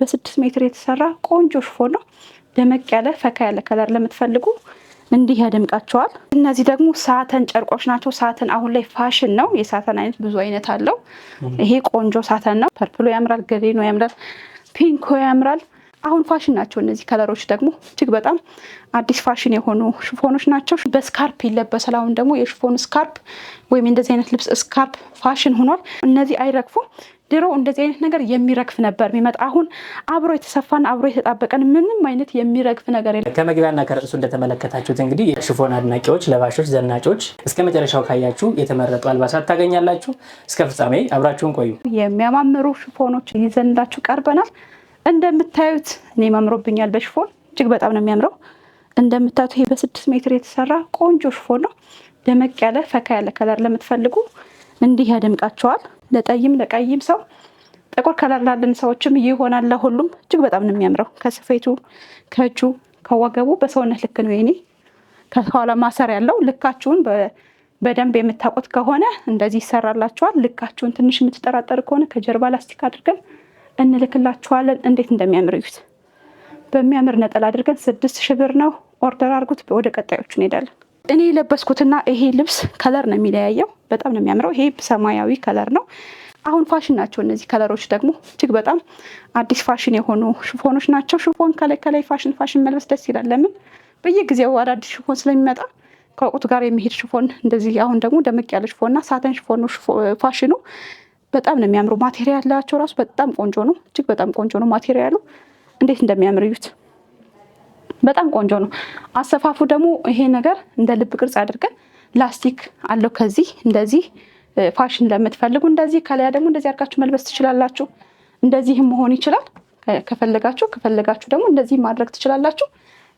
በስድስት ሜትር የተሰራ ቆንጆ ሽፎን ነው። ደመቅ ያለ ፈካ ያለ ከለር ለምትፈልጉ እንዲህ ያደምቃቸዋል። እነዚህ ደግሞ ሳተን ጨርቆች ናቸው። ሳተን አሁን ላይ ፋሽን ነው። የሳተን አይነት ብዙ አይነት አለው። ይሄ ቆንጆ ሳተን ነው። ፐርፕሎ ያምራል፣ ግሪኖ ያምራል፣ ፒንኮ ያምራል። አሁን ፋሽን ናቸው እነዚህ ከለሮች ደግሞ እጅግ በጣም አዲስ ፋሽን የሆኑ ሽፎኖች ናቸው። በስካርፕ ይለበሳል። አሁን ደግሞ የሽፎን ስካርፕ ወይም እንደዚህ አይነት ልብስ ስካርፕ ፋሽን ሆኗል። እነዚህ አይረግፉም። ድሮ እንደዚህ አይነት ነገር የሚረግፍ ነበር የሚመጣ። አሁን አብሮ የተሰፋን አብሮ የተጣበቀን ምንም አይነት የሚረግፍ ነገር የለም። ከመግቢያና ከርዕሱ እንደተመለከታችሁት እንግዲህ የሽፎን አድናቂዎች፣ ለባሾች፣ ዘናጮች እስከ መጨረሻው ካያችሁ የተመረጡ አልባሳት ታገኛላችሁ። እስከ ፍጻሜ አብራችሁን ቆዩ። የሚያማምሩ ሽፎኖች ይዘንላችሁ ቀርበናል። እንደምታዩት እኔ ማምሮብኛል በሽፎን እጅግ በጣም ነው የሚያምረው። እንደምታዩት ይሄ በስድስት ሜትር የተሰራ ቆንጆ ሽፎን ነው። ደመቅ ያለ ፈካ ያለ ከለር ለምትፈልጉ እንዲህ ያደምቃቸዋል። ለጠይም ለቀይም ሰው ጥቁር ከለር ላለን ሰዎችም ይሆናል። ለሁሉም እጅግ በጣም ነው የሚያምረው። ከስፌቱ ከእጁ ከወገቡ በሰውነት ልክ ነው። ይኔ ከኋላ ማሰር ያለው ልካችሁን በደንብ የምታውቁት ከሆነ እንደዚህ ይሰራላችኋል። ልካችሁን ትንሽ የምትጠራጠር ከሆነ ከጀርባ ላስቲክ አድርገን እንልክላችኋለን። እንዴት እንደሚያምር እዩት። በሚያምር ነጠላ አድርገን ስድስት ሺህ ብር ነው። ኦርደር አድርጉት። ወደ ቀጣዮቹ እንሄዳለን። እኔ የለበስኩትና ይሄ ልብስ ከለር ነው የሚለያየው። በጣም ነው የሚያምረው። ይሄ ሰማያዊ ከለር ነው። አሁን ፋሽን ናቸው እነዚህ ከለሮች ደግሞ እጅግ በጣም አዲስ ፋሽን የሆኑ ሽፎኖች ናቸው። ሽፎን ከላይ ከላይ ፋሽን ፋሽን መልበስ ደስ ይላል። ለምን በየጊዜው አዳዲስ ሽፎን ስለሚመጣ ከወቅቱ ጋር የሚሄድ ሽፎን እንደዚህ። አሁን ደግሞ ደመቅ ያለ ሽፎንና ሳተን ሽፎን ፋሽኑ በጣም ነው የሚያምሩ። ማቴሪያል ላቸው ራሱ በጣም ቆንጆ ነው። እጅግ በጣም ቆንጆ ነው ማቴሪያሉ። እንዴት እንደሚያምር እዩት። በጣም ቆንጆ ነው። አሰፋፉ ደግሞ ይሄ ነገር እንደ ልብ ቅርጽ አድርገን ላስቲክ አለው ከዚህ እንደዚህ ፋሽን ለምትፈልጉ እንደዚህ ከላይ ደግሞ እንደዚህ አድርጋችሁ መልበስ ትችላላችሁ። እንደዚህም መሆን ይችላል ከፈለጋችሁ ከፈለጋችሁ ደግሞ እንደዚህ ማድረግ ትችላላችሁ።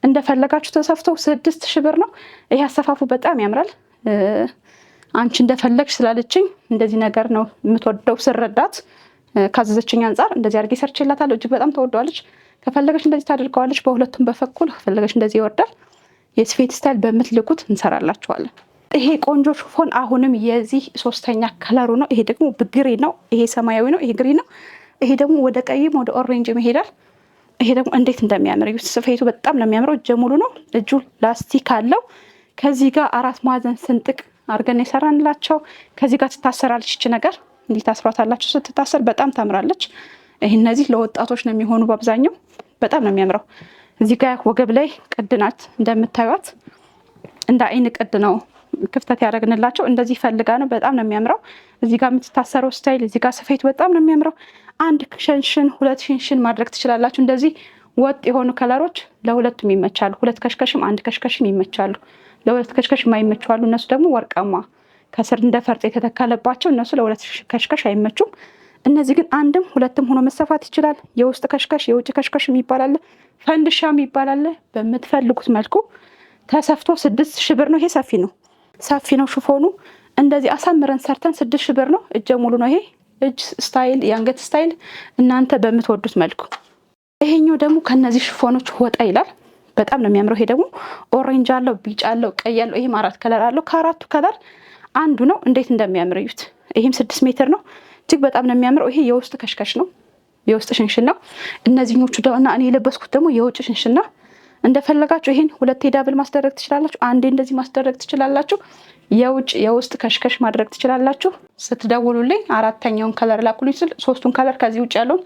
እንደፈለጋችሁ ተሰፍተው ስድስት ሺህ ብር ነው። ይሄ አሰፋፉ በጣም ያምራል። አንቺ እንደፈለግሽ ስላለችኝ እንደዚህ ነገር ነው የምትወደው ስረዳት ካዘዘችኝ አንጻር እንደዚህ አድርጌ ሰርቼላታለሁ። እጅግ በጣም ተወደዋለች። ከፈለገች እንደዚህ ታደርገዋለች። በሁለቱም በኩል ከፈለገች እንደዚህ ይወርዳል። የስፌት ስታይል በምትልኩት እንሰራላችኋለን። ይሄ ቆንጆ ሽፎን አሁንም የዚህ ሶስተኛ ከለሩ ነው። ይሄ ደግሞ ብግሪ ነው። ይሄ ሰማያዊ ነው። ይሄ ግሪ ነው። ይሄ ደግሞ ወደ ቀይም ወደ ኦሬንጅም ይሄዳል። ይሄ ደግሞ እንዴት እንደሚያምር ስፌቱ በጣም ነው የሚያምረው። እጀ ሙሉ ነው። እጁ ላስቲክ አለው። ከዚህ ጋር አራት ማዕዘን ስንጥቅ አድርገን የሰራንላቸው። ከዚህ ጋር ትታሰራለች ይች ነገር እንዲህ ስትታሰር በጣም ታምራለች። ይህ እነዚህ ለወጣቶች ነው የሚሆኑ በአብዛኛው በጣም ነው የሚያምረው። እዚህ ጋር ወገብ ላይ ቅድ ናት እንደምታዩት፣ እንደ አይን ቅድ ነው ክፍተት ያደረግንላቸው። እንደዚህ ፈልጋ ነው። በጣም ነው የሚያምረው። እዚህ ጋር የምትታሰረው ስታይል፣ እዚህ ጋር ስፌት በጣም ነው የሚያምረው። አንድ ሸንሽን ሁለት ሸንሽን ማድረግ ትችላላችሁ። እንደዚህ ወጥ የሆኑ ከለሮች ለሁለቱም ይመቻሉ። ሁለት ከሽከሽም አንድ ከሽከሽም ይመቻሉ። ለሁለት ከሽከሽ የማይመቻሉ እነሱ ደግሞ ወርቃማ ከስር እንደ ፈርጥ የተተከለባቸው እነሱ ለሁለት ከሽከሽ አይመቹም። እነዚህ ግን አንድም ሁለትም ሆኖ መሰፋት ይችላል። የውስጥ ከሽከሽ፣ የውጭ ከሽከሽ የሚባላለ ፈንድሻ የሚባላለ በምትፈልጉት መልኩ ተሰፍቶ ስድስት ሺህ ብር ነው። ይሄ ሰፊ ነው፣ ሰፊ ነው ሽፎኑ። እንደዚህ አሳምረን ሰርተን ስድስት ሺህ ብር ነው። እጀ ሙሉ ነው። ይሄ እጅ ስታይል፣ የአንገት ስታይል እናንተ በምትወዱት መልኩ። ይሄኛው ደግሞ ከነዚህ ሽፎኖች ወጣ ይላል። በጣም ነው የሚያምረው። ይሄ ደግሞ ኦሬንጅ አለው፣ ቢጫ አለው፣ ቀይ አለው። ይህም አራት ከለር አለው። ከአራቱ ከለር አንዱ ነው። እንዴት እንደሚያምር እዩት። ይህም ስድስት ሜትር ነው። እጅግ በጣም ነው የሚያምረው። ይሄ የውስጥ ከሽከሽ ነው፣ የውስጥ ሽንሽን ነው። እነዚህኞቹ እና እኔ የለበስኩት ደግሞ የውጭ ሽንሽን ነው። እንደፈለጋችሁ ይህን ሁለቴ ዳብል ማስደረግ ትችላላችሁ። አንዴ እንደዚህ ማስደረግ ትችላላችሁ። የውጭ የውስጥ ከሽከሽ ማድረግ ትችላላችሁ። ስትደውሉልኝ አራተኛውን ከለር ላኩልኝ ስል ሶስቱን ከለር ከዚህ ውጭ ያለውን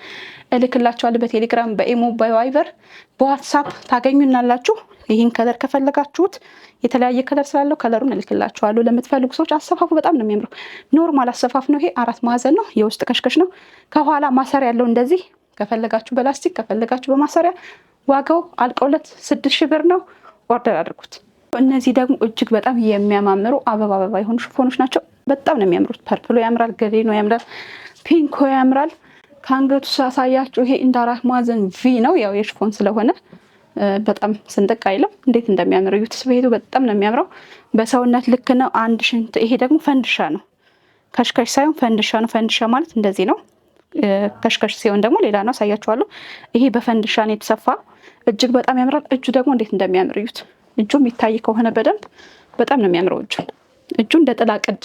እልክላችኋለሁ። በቴሌግራም በኢሞ በቫይበር በዋትሳፕ ታገኙናላችሁ። ይህን ከለር ከፈለጋችሁት የተለያየ ከለር ስላለው ከለሩን እልክላችኋለሁ። ለምትፈልጉ ሰዎች አሰፋፉ በጣም ነው የሚያምረው። ኖርማል አሰፋፍ ነው ይሄ። አራት ማዕዘን ነው። የውስጥ ከሽከሽ ነው። ከኋላ ማሰሪያ ያለው እንደዚህ ከፈለጋችሁ በላስቲክ ከፈለጋችሁ በማሰሪያ ዋጋው አልቆለት ስድስት ሺህ ብር ነው። ኦርደር አድርጉት። እነዚህ ደግሞ እጅግ በጣም የሚያማምሩ አበባ አበባ የሆኑ ሽፎኖች ናቸው። በጣም ነው የሚያምሩት። ፐርፕሎ ያምራል፣ ገሌኖ ያምራል፣ ፒንኮ ያምራል። ከአንገቱ ሳሳያችሁ ይሄ እንደ አራት ማዕዘን ቪ ነው። ያው የሽፎን ስለሆነ በጣም ስንጥቅ አይልም። እንዴት እንደሚያምር እዩት። ስፌቱ በጣም ነው የሚያምረው። በሰውነት ልክ ነው አንድ ሽንት። ይሄ ደግሞ ፈንድሻ ነው፣ ከሽከሽ ሳይሆን ፈንድሻ ነው። ፈንድሻ ማለት እንደዚህ ነው። ከሽከሽ ሲሆን ደግሞ ሌላ ነው፣ አሳያችኋለሁ። ይሄ በፈንድሻን የተሰፋ እጅግ በጣም ያምራል። እጁ ደግሞ እንዴት እንደሚያምር እዩት። እጁ የሚታይ ከሆነ በደንብ በጣም ነው የሚያምረው እጁ እጁ እንደ ጥላቅድ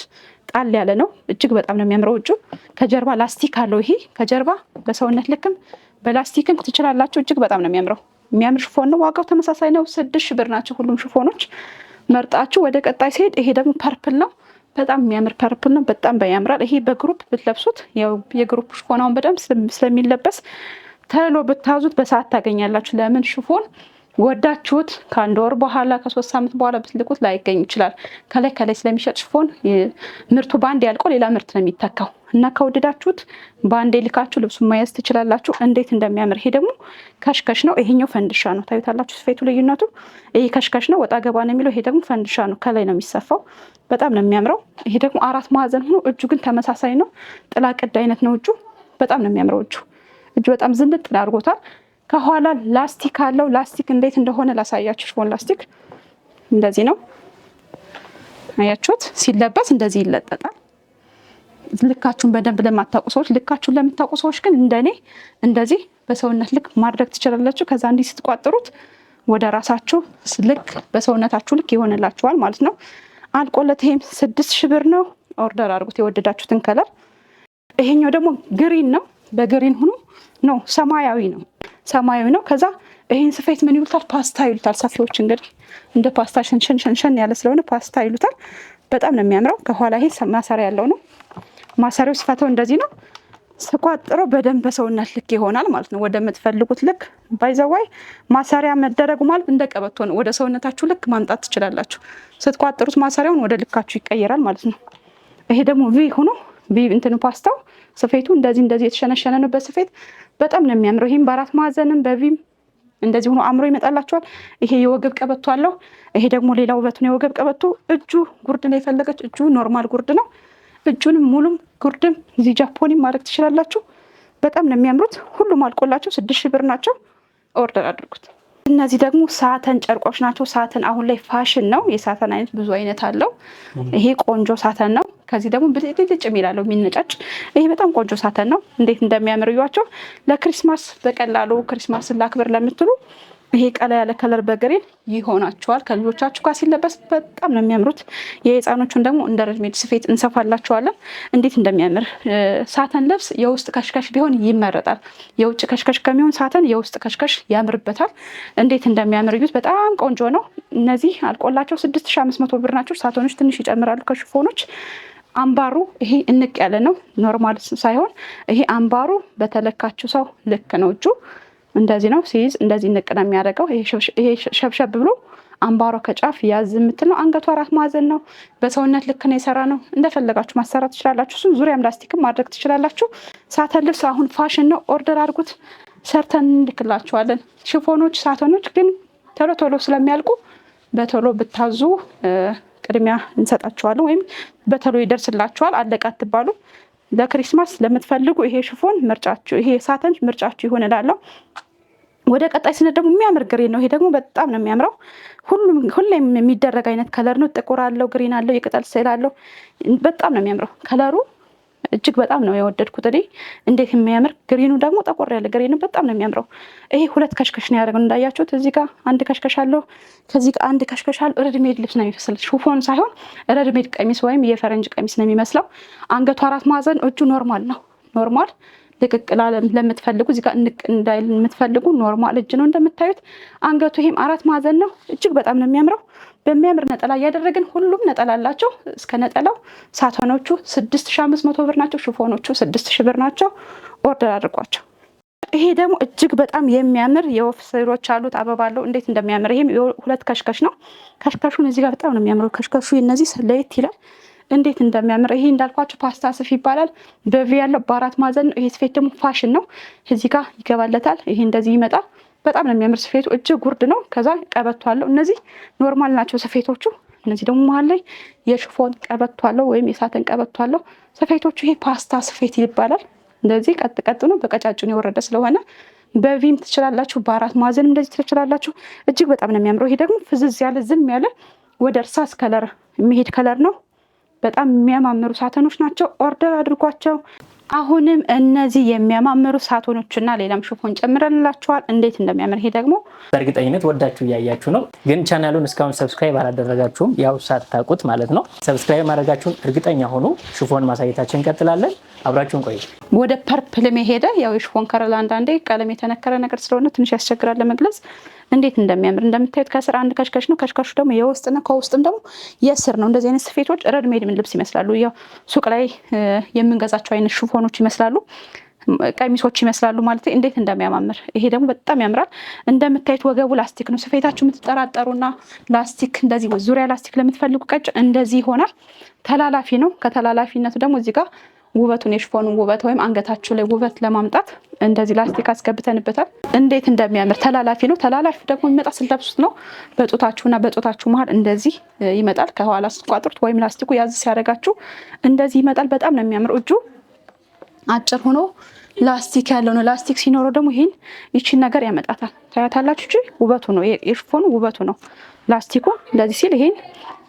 ጣል ያለ ነው። እጅግ በጣም ነው የሚያምረው እጁ። ከጀርባ ላስቲክ አለው። ይሄ ከጀርባ በሰውነት ልክም በላስቲክም ትችላላችሁ። እጅግ በጣም ነው የሚያምረው። የሚያምር ሽፎን ነው። ዋጋው ተመሳሳይ ነው። ስድስት ሺህ ብር ናቸው ሁሉም ሽፎኖች መርጣችሁ ወደ ቀጣይ ሲሄድ ይሄ ደግሞ ፐርፕል ነው። በጣም የሚያምር ፐርፕል ነው። በጣም ያምራል። ይሄ በግሩፕ ብትለብሱት የግሩፕ ሽፎናውን በደንብ ስለሚለበስ ተሎ ብታዙት በሰዓት ታገኛላችሁ። ለምን ሽፎን ወዳችሁት ከአንድ ወር በኋላ ከሶስት ሳምንት በኋላ ብትልኩት ላይገኝ ይችላል። ከላይ ከላይ ስለሚሸጥ ሽፎን ምርቱ በአንድ ያልቆ ሌላ ምርት ነው የሚተካው እና ከወደዳችሁት በአንዴ ልካችሁ ልብሱን መያዝ ትችላላችሁ። እንዴት እንደሚያምር! ይሄ ደግሞ ከሽከሽ ነው፣ ይሄኛው ፈንድሻ ነው። ታዩታላችሁ ስፌቱ ልዩነቱ። ይሄ ከሽከሽ ነው፣ ወጣ ገባ ነው የሚለው። ይሄ ደግሞ ፈንድሻ ነው፣ ከላይ ነው የሚሰፋው። በጣም ነው የሚያምረው። ይሄ ደግሞ አራት ማዕዘን ሆኖ እጁ ግን ተመሳሳይ ነው። ጥላቅድ አይነት ነው እጁ። በጣም ነው የሚያምረው እጁ እጁ በጣም ዝንጥ አድርጎታል። ከኋላ ላስቲክ አለው። ላስቲክ እንዴት እንደሆነ ላሳያችሁ። ሽፎን ላስቲክ እንደዚህ ነው አያችሁት። ሲለበስ እንደዚህ ይለጠጣል። ልካችሁን በደንብ ለማታውቁ ሰዎች፣ ልካችሁን ለምታውቁ ሰዎች ግን እንደኔ እንደዚህ በሰውነት ልክ ማድረግ ትችላላችሁ። ከዛ እንዲህ ስትቋጥሩት ወደ ራሳችሁ ልክ በሰውነታችሁ ልክ ይሆንላችኋል ማለት ነው። አልቆለት ይሄም ስድስት ሺህ ብር ነው። ኦርደር አድርጉት የወደዳችሁትን ከለር። ይሄኛው ደግሞ ግሪን ነው። በግሪን ሆኖ ነው ሰማያዊ ነው ሰማያዊ ነው። ከዛ ይህን ስፌት ምን ይሉታል? ፓስታ ይሉታል። ሰፊዎች እንግዲህ እንደ ፓስታ ሸንሸን ሸንሸን ያለ ስለሆነ ፓስታ ይሉታል። በጣም ነው የሚያምረው። ከኋላ ይሄ ማሰሪያ ያለው ነው። ማሰሪያው ስፋተው እንደዚህ ነው። ስቋጥሮ በደንብ በሰውነት ልክ ይሆናል ማለት ነው። ወደ ምትፈልጉት ልክ ባይዘዋይ ማሰሪያ መደረጉ ማለት እንደ ቀበቶ ነው። ወደ ሰውነታችሁ ልክ ማምጣት ትችላላችሁ። ስትቋጥሩት ማሰሪያውን ወደ ልካችሁ ይቀየራል ማለት ነው። ይሄ ደግሞ ቪ ሆኖ ቪ እንትኑ ፓስታው ስፌቱ እንደዚህ እንደዚህ የተሸነሸነ ነው። በስፌት በጣም ነው የሚያምረው። ይህም በአራት ማዕዘንም በቪም እንደዚህ ሆኖ አምሮ ይመጣላቸዋል። ይሄ የወገብ ቀበቶ አለው። ይሄ ደግሞ ሌላ ውበቱ ነው። የወገብ ቀበቶ እጁ ጉርድ ነው የፈለገች እጁ ኖርማል ጉርድ ነው። እጁንም ሙሉም ጉርድም እዚህ ጃፖኒ ማድረግ ትችላላችሁ። በጣም ነው የሚያምሩት። ሁሉም አልቆላቸው ስድስት ሺህ ብር ናቸው። ኦርደር አድርጉት። እነዚህ ደግሞ ሳተን ጨርቆች ናቸው። ሳተን አሁን ላይ ፋሽን ነው። የሳተን አይነት ብዙ አይነት አለው። ይሄ ቆንጆ ሳተን ነው። ከዚህ ደግሞ ብልጭልጭ የሚላለው የሚነጫጭ ይሄ በጣም ቆንጆ ሳተን ነው። እንዴት እንደሚያምር እዩዋቸው። ለክሪስማስ በቀላሉ ክሪስማስ ላክብር ለምትሉ ይሄ ቀላ ያለ ከለር በግሬን ይሆናችኋል። ከልጆቻችሁ ጋር ሲለበስ በጣም ነው የሚያምሩት። የህፃኖቹን ደግሞ እንደ ረድሜድ ስፌት እንሰፋላችኋለን። እንዴት እንደሚያምር ሳተን ልብስ የውስጥ ከሽከሽ ቢሆን ይመረጣል። የውጭ ከሽከሽ ከሚሆን ሳተን የውስጥ ከሽከሽ ያምርበታል። እንዴት እንደሚያምር እዩት። በጣም ቆንጆ ነው። እነዚህ አልቆላቸው ስድስት ሺህ አምስት መቶ ብር ናቸው። ሳተኖች ትንሽ ይጨምራሉ ከሽፎኖች አምባሩ ይሄ እንቅ ያለ ነው፣ ኖርማል ሳይሆን ይሄ አምባሩ በተለካችው ሰው ልክ ነው። እጁ እንደዚህ ነው ሲይዝ፣ እንደዚህ እንቅ ነው የሚያደርገው። ይሄ ሸብሸብ ብሎ አምባሯ ከጫፍ ያዝ የምትል ነው። አንገቷ አራት ማዕዘን ነው። በሰውነት ልክ ነው የሰራ ነው። እንደፈለጋችሁ ማሰራት ትችላላችሁ። እሱን ዙሪያም ላስቲክም ማድረግ ትችላላችሁ። ሳተን ልብስ አሁን ፋሽን ነው። ኦርደር አድርጉት ሰርተን እንልክላችኋለን። ሽፎኖች፣ ሳተኖች ግን ቶሎ ቶሎ ስለሚያልቁ በቶሎ ብታዙ ቅድሚያ እንሰጣችኋለን ወይም በተሎ ይደርስላችኋል። አለቀ አትባሉ። ለክሪስማስ ለምትፈልጉ ይሄ ሽፎን ምርጫችሁ፣ ይሄ ሳተን ምርጫችሁ ይሆንላለው። ወደ ቀጣይ ስነት ደግሞ የሚያምር ግሪን ነው። ይሄ ደግሞ በጣም ነው የሚያምረው። ሁሉም ሁሌም የሚደረግ አይነት ከለር ነው። ጥቁር አለው፣ ግሪን አለው፣ የቅጠል ስዕል አለው። በጣም ነው የሚያምረው ከለሩ እጅግ በጣም ነው የወደድኩት እኔ። እንዴት የሚያምር ግሪኑ ደግሞ ጠቆር ያለ ግሪኑ በጣም ነው የሚያምረው። ይሄ ሁለት ከሽከሽ ነው ያደረገው እንዳያችሁት። እዚህ ጋር አንድ ከሽከሽ አለው፣ ከዚህ ጋር አንድ ከሽከሽ አለው። ረድሜድ ልብስ ነው የሚመስል ሹፎን ሳይሆን ረድሜድ ቀሚስ ወይም የፈረንጅ ቀሚስ ነው የሚመስለው። አንገቱ አራት ማዕዘን፣ እጁ ኖርማል ነው ኖርማል ልቅቅ ለምትፈልጉ እዚህ እንቅ እንዳይል የምትፈልጉ ኖርማል እጅ ነው እንደምታዩት። አንገቱ ይሄም አራት ማዕዘን ነው። እጅግ በጣም ነው የሚያምረው። በሚያምር ነጠላ እያደረግን ሁሉም ነጠላ አላቸው። እስከ ነጠላው ሳተኖቹ 6500 ብር ናቸው። ሽፎኖቹ 6000 ብር ናቸው። ኦርደር አድርጓቸው። ይሄ ደግሞ እጅግ በጣም የሚያምር የወፍ ስዕሎች አሉት። አበባ አለው። እንዴት እንደሚያምር ይሄም ሁለት ከሽከሽ ነው። ከሽከሹን እዚህ ጋር በጣም ነው የሚያምረው። ከሽከሹ እነዚህ ለየት ይላል። እንዴት እንደሚያምር ይሄ እንዳልኳቸው ፓስታ ስፍ ይባላል። በቪ ያለው በአራት ማዕዘን ነው። ይሄ ስፌት ደግሞ ፋሽን ነው። እዚህ ጋር ይገባለታል። ይሄ እንደዚህ ይመጣል። በጣም ነው የሚያምር ስፌቱ። እጅግ ጉርድ ነው። ከዛ ቀበቶ አለው። እነዚህ ኖርማል ናቸው ስፌቶቹ። እነዚህ ደግሞ መሀል ላይ የሽፎን ቀበቶ አለው ወይም የሳተን ቀበቶ አለው ስፌቶቹ። ይሄ ፓስታ ስፌት ይባላል። እንደዚህ ቀጥ ቀጥ ነው፣ በቀጫጭን የወረደ ስለሆነ በቪም ትችላላችሁ፣ በአራት ማዕዘንም እንደዚህ ትችላላችሁ። እጅግ በጣም ነው የሚያምረው። ይሄ ደግሞ ፍዝዝ ያለ ዝም ያለ ወደ እርሳስ ከለር የሚሄድ ከለር ነው። በጣም የሚያማምሩ ሳተኖች ናቸው። ኦርደር አድርጓቸው። አሁንም እነዚህ የሚያማምሩ ሳቶኖችና ሌላም ሽፎን ጨምረንላችኋል። እንዴት እንደሚያምር ይሄ ደግሞ በእርግጠኝነት ወዳችሁ እያያችሁ ነው። ግን ቻናሉን እስካሁን ሰብስክራይብ አላደረጋችሁም፣ ያው ሳታውቁት ማለት ነው። ሰብስክራይብ ማድረጋችሁን እርግጠኛ ሆኑ። ሽፎን ማሳየታችን እንቀጥላለን። አብራችሁን ቆዩ። ወደ ፐርፕል የሄደ ያው የሽፎን ከረላ አንዳንዴ ቀለም የተነከረ ነገር ስለሆነ ትንሽ ያስቸግራል ለመግለጽ እንዴት እንደሚያምር እንደምታዩት ከስር አንድ ከሽከሽ ነው። ከሽከሹ ደግሞ ነው ከውስጥም ደግሞ የስር ነው። እንደዚህ አይነት ስፌቶች ረድሜድ ምን ልብስ ይመስላሉ። ያው ሱቅ ላይ የምንገዛቸው አይነት ሽፎ ሽፎኖች ይመስላሉ ቀሚሶች ይመስላሉ ማለት እንዴት እንደሚያማምር ይሄ ደግሞ በጣም ያምራል። እንደምታዩት ወገቡ ላስቲክ ነው። ስፌታችሁ የምትጠራጠሩና ላስቲክ እንደዚህ ዙሪያ ላስቲክ ለምትፈልጉ ቀጭ እንደዚህ ይሆናል። ተላላፊ ነው። ከተላላፊነቱ ደግሞ እዚህ ጋር ውበቱን የሽፎኑን ውበት ወይም አንገታችሁ ላይ ውበት ለማምጣት እንደዚህ ላስቲክ አስገብተንበታል። እንዴት እንደሚያምር ተላላፊ ነው። ተላላፊ ደግሞ የሚመጣ ስትለብሱት ነው። በጡታችሁና በጡታችሁ መሀል እንደዚህ ይመጣል። ከኋላ ስትቋጥሩት ወይም ላስቲኩ ያዝ ሲያደርጋችሁ እንደዚህ ይመጣል። በጣም ነው የሚያምር እጁ አጭር ሆኖ ላስቲክ ያለው ነው። ላስቲክ ሲኖረው ደግሞ ይህን ይቺን ነገር ያመጣታል። ታያታላችሁ። እቺ ውበቱ ነው፣ የሽፎኑ ውበቱ ነው። ላስቲኩ እንደዚህ ሲል ይሄን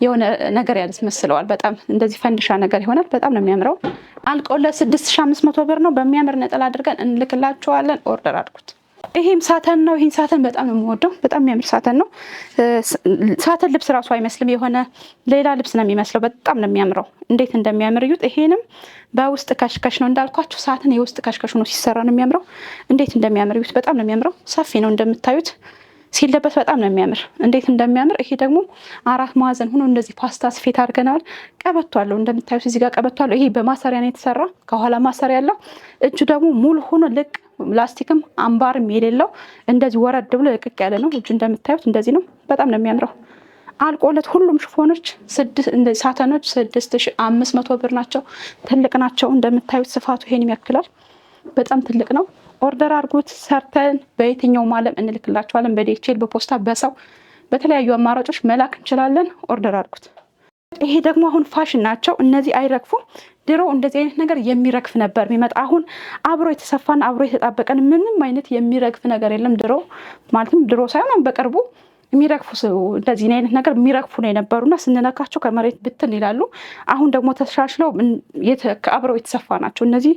የሆነ ነገር ያስመስለዋል። በጣም እንደዚህ ፈንድሻ ነገር ይሆናል። በጣም ነው የሚያምረው። አልቆለት 6500 ብር ነው። በሚያምር ነጠላ አድርገን እንልክላችኋለን። ኦርደር አድርጉት። ይሄም ሳተን ነው። ይህን ሳተን በጣም ነው የምወደው። በጣም የሚያምር ሳተን ነው። ሳተን ልብስ ራሱ አይመስልም፣ የሆነ ሌላ ልብስ ነው የሚመስለው። በጣም ነው የሚያምረው። እንዴት እንደሚያምር እዩት። ይሄንም በውስጥ ከሽከሽ ነው እንዳልኳችሁ። ሳተን የውስጥ ከሽከሽ ነው ሲሰራ ነው የሚያምረው። እንዴት እንደሚያምር እዩት። በጣም ነው የሚያምረው። ሰፊ ነው እንደምታዩት። ሲለበስ በጣም ነው የሚያምር። እንዴት እንደሚያምር ይሄ ደግሞ አራት ማዕዘን ሆኖ እንደዚህ ፓስታ ስፌት አድርገናል። ቀበቷለሁ እንደምታዩት እዚህ ጋር ይሄ በማሰሪያ ነው የተሰራ ከኋላ ማሰሪያ አለው። እጁ ደግሞ ሙሉ ሆኖ ልቅ ላስቲክም አምባርም የሌለው እንደዚህ ወረድ ብሎ ልቅቅ ያለ ነው። እጁ እንደምታዩት እንደዚህ ነው። በጣም ነው የሚያምረው። አልቆለት ሁሉም ሽፎኖች ሳተኖች ስድስት ሺህ አምስት መቶ ብር ናቸው። ትልቅ ናቸው እንደምታዩት ስፋቱ ይሄን ያክላል። በጣም ትልቅ ነው። ኦርደር አድርጉት። ሰርተን በየትኛውም ዓለም እንልክላቸዋለን። በዴክቼል በፖስታ በሰው በተለያዩ አማራጮች መላክ እንችላለን። ኦርደር አድርጉት። ይሄ ደግሞ አሁን ፋሽን ናቸው እነዚህ አይረግፉም። ድሮ እንደዚህ አይነት ነገር የሚረግፍ ነበር የሚመጣ። አሁን አብሮ የተሰፋን አብሮ የተጣበቀን ምንም አይነት የሚረግፍ ነገር የለም። ድሮ ማለትም ድሮ ሳይሆን በቅርቡ የሚረግፉ እንደዚህ አይነት ነገር የሚረግፉ ነው የነበሩና ስንነካቸው ከመሬት ብትን ይላሉ። አሁን ደግሞ ተሻሽለው አብረው የተሰፋ ናቸው። እነዚህ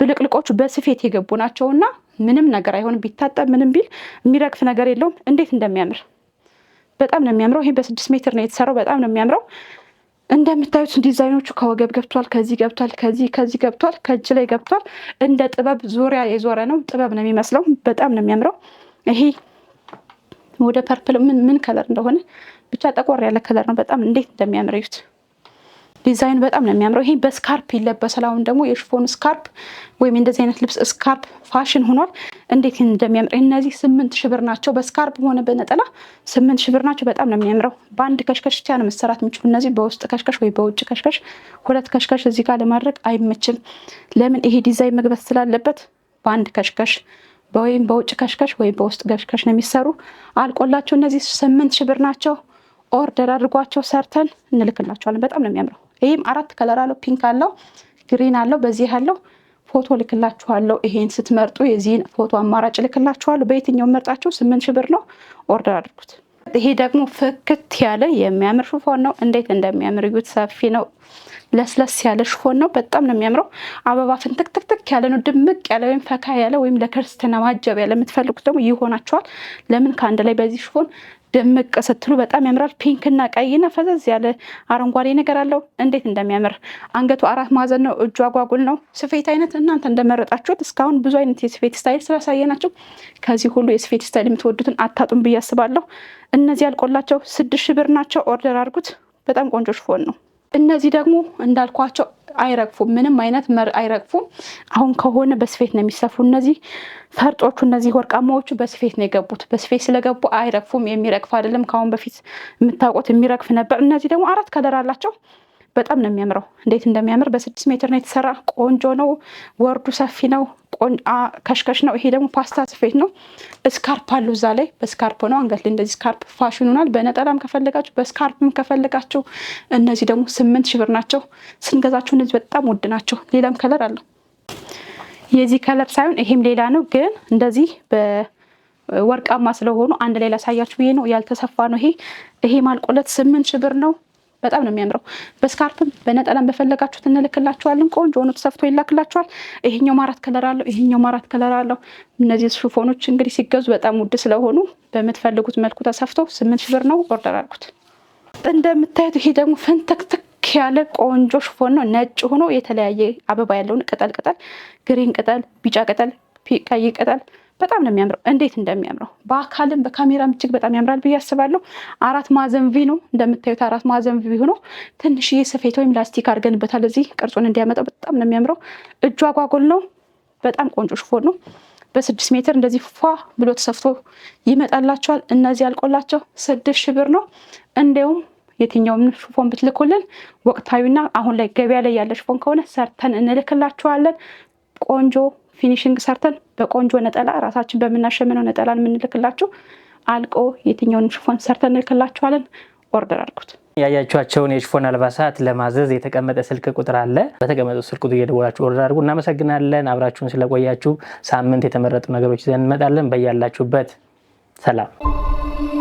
ብልቅልቆቹ በስፌት የገቡ ናቸው እና ምንም ነገር አይሆንም። ቢታጠብ ምንም ቢል የሚረግፍ ነገር የለውም። እንዴት እንደሚያምር በጣም ነው የሚያምረው። ይሄ በስድስት ሜትር ነው የተሰራው። በጣም ነው የሚያምረው። እንደምታዩት ዲዛይኖቹ ከወገብ ገብቷል፣ ከዚህ ገብቷል፣ ከዚህ ከዚህ ገብቷል፣ ከእጅ ላይ ገብቷል። እንደ ጥበብ ዙሪያ የዞረ ነው። ጥበብ ነው የሚመስለው። በጣም ነው የሚያምረው። ይሄ ወደ ፐርፕል ምን ምን ከለር እንደሆነ ብቻ ጠቆር ያለ ከለር ነው። በጣም እንዴት እንደሚያምር እዩት። ዲዛይኑ በጣም ነው የሚያምረው። ይሄ በስካርፕ ይለበሳል። አሁን ደግሞ የሽፎን ስካርፕ ወይም እንደዚህ አይነት ልብስ ስካርፕ ፋሽን ሆኗል። እንዴት እንደሚያምር እነዚህ ስምንት ሺህ ብር ናቸው። በስካርፕ ሆነ በነጠላ ስምንት ሺህ ብር ናቸው። በጣም ነው የሚያምረው። በአንድ ከሽከሽ ብቻ ነው መሰራት የሚችሉ እነዚህ። በውስጥ ከሽከሽ ወይ በውጭ ከሽከሽ፣ ሁለት ከሽከሽ እዚህ ጋር ለማድረግ አይመችም። ለምን ይሄ ዲዛይን መግባት ስላለበት በአንድ ከሽከሽ ወይም በውጭ ከሽከሽ ወይም በውስጥ ከሽከሽ ነው የሚሰሩ። አልቆላቸው እነዚህ ስምንት ሺህ ብር ናቸው። ኦርደር አድርጓቸው ሰርተን እንልክላቸዋለን። በጣም ነው የሚያምረው። ይህም አራት ከለር አለው። ፒንክ አለው፣ ግሪን አለው፣ በዚህ አለው። ፎቶ ልክላችኋለሁ። ይሄን ስትመርጡ የዚህን ፎቶ አማራጭ ልክላችኋለሁ። በየትኛው መርጣችሁ ስምንት ሺህ ብር ነው ኦርደር አድርጉት። ይሄ ደግሞ ፍክት ያለ የሚያምር ሽፎን ነው። እንዴት እንደሚያምር እዩት። ሰፊ ነው፣ ለስለስ ያለ ሽፎን ነው። በጣም ነው የሚያምረው። አበባ ፍንትክትክትክ ያለ ነው። ድምቅ ያለ ወይም ፈካ ያለ ወይም ለክርስትና ያለ የምትፈልጉት ደግሞ ይሆናችኋል። ለምን ከአንድ ላይ በዚህ ሽፎን ድምቅ ስትሉ በጣም ያምራል። ፒንክና ቀይና ፈዘዝ ያለ አረንጓዴ ነገር አለው። እንዴት እንደሚያምር አንገቱ አራት ማዕዘን ነው። እጁ አጓጉል ነው። ስፌት አይነት እናንተ እንደመረጣችሁት። እስካሁን ብዙ አይነት የስፌት ስታይል ናቸው። ከዚህ ሁሉ የስፌት ስታይል የምትወዱትን አታጡም ብዬ አስባለሁ። እነዚህ ያልቆላቸው ስድስት ሺህ ብር ናቸው። ኦርደር አድርጉት። በጣም ቆንጆ ሽፎን ነው። እነዚህ ደግሞ እንዳልኳቸው አይረግፉም። ምንም አይነት መር አይረግፉም። አሁን ከሆነ በስፌት ነው የሚሰፉ። እነዚህ ፈርጦቹ እነዚህ ወርቃማዎቹ በስፌት ነው የገቡት። በስፌት ስለገቡ አይረግፉም። የሚረግፍ አይደለም። ከአሁን በፊት የምታውቁት የሚረግፍ ነበር። እነዚህ ደግሞ አራት ከለር አላቸው። በጣም ነው የሚያምረው። እንዴት እንደሚያምር በስድስት ሜትር ነው የተሰራ። ቆንጆ ነው። ወርዱ ሰፊ ነው። ከሽከሽ ነው። ይሄ ደግሞ ፓስታ ስፌት ነው። ስካርፕ አሉ እዛ ላይ በስካርፕ ነው አንገት ላይ እንደዚህ ስካርፕ ፋሽን ሆናል። በነጠላም ከፈለጋችሁ በስካርፕም ከፈለጋችሁ እነዚህ ደግሞ ስምንት ሺህ ብር ናቸው። ስንገዛችሁ እነዚህ በጣም ውድ ናቸው። ሌላም ከለር አለው። የዚህ ከለር ሳይሆን ይሄም ሌላ ነው፣ ግን እንደዚህ በወርቃማ ስለሆኑ አንድ ላይ ላሳያችሁ ብዬ ነው። ያልተሰፋ ነው ይሄ ይሄ ማልቆለት ስምንት ሺህ ብር ነው። በጣም ነው የሚያምረው። በስካርፕም በነጠላም በፈለጋችሁት እንልክላችኋለን። ቆንጆ ሆኖ ተሰፍቶ ይላክላችኋል። ይሄኛው አራት ከለር አለው፣ ይሄኛው አራት ከለር አለው። እነዚህ ሹፎኖች እንግዲህ ሲገዙ በጣም ውድ ስለሆኑ በምትፈልጉት መልኩ ተሰፍቶ ስምንት ሺህ ብር ነው ኦርደር አልኩት። እንደምታዩት ይሄ ደግሞ ፈንተክትክ ያለ ቆንጆ ሽፎን ነው። ነጭ ሆኖ የተለያየ አበባ ያለውን ቅጠል ቅጠል፣ ግሪን ቅጠል፣ ቢጫ ቅጠል፣ ቀይ ቅጠል በጣም ነው የሚያምረው። እንዴት እንደሚያምረው በአካልም በካሜራም እጅግ በጣም ያምራል ብዬ አስባለሁ። አራት ማዕዘን ቪ ነው እንደምታዩት፣ አራት ማዕዘን ቪ ሆኖ ትንሽዬ ስፌት ወይም ላስቲክ አድርገንበታል እዚህ ቅርጹን እንዲያመጣው። በጣም ነው የሚያምረው። እጁ አጓጉል ነው። በጣም ቆንጆ ሽፎን ነው። በስድስት ሜትር እንደዚህ ፏ ብሎ ተሰፍቶ ይመጣላቸዋል። እነዚህ ያልቆላቸው ስድስት ሺህ ብር ነው። እንዲሁም የትኛውም ሽፎን ብትልኩልን ወቅታዊና አሁን ላይ ገበያ ላይ ያለ ሽፎን ከሆነ ሰርተን እንልክላችኋለን። ቆንጆ ፊኒሽንግ ሰርተን በቆንጆ ነጠላ ራሳችን በምናሸምነው ነጠላ የምንልክላችሁ አልቆ የትኛውን ሽፎን ሰርተን እንልክላችኋለን። ኦርደር አድርጉት። ያያችኋቸውን የሽፎን አልባሳት ለማዘዝ የተቀመጠ ስልክ ቁጥር አለ። በተቀመጠው ስልክ ቁጥር እየደወላችሁ ኦርደር አድርጉ። እናመሰግናለን አብራችሁን ስለቆያችሁ። ሳምንት የተመረጡ ነገሮች ይዘን እንመጣለን። በያላችሁበት ሰላም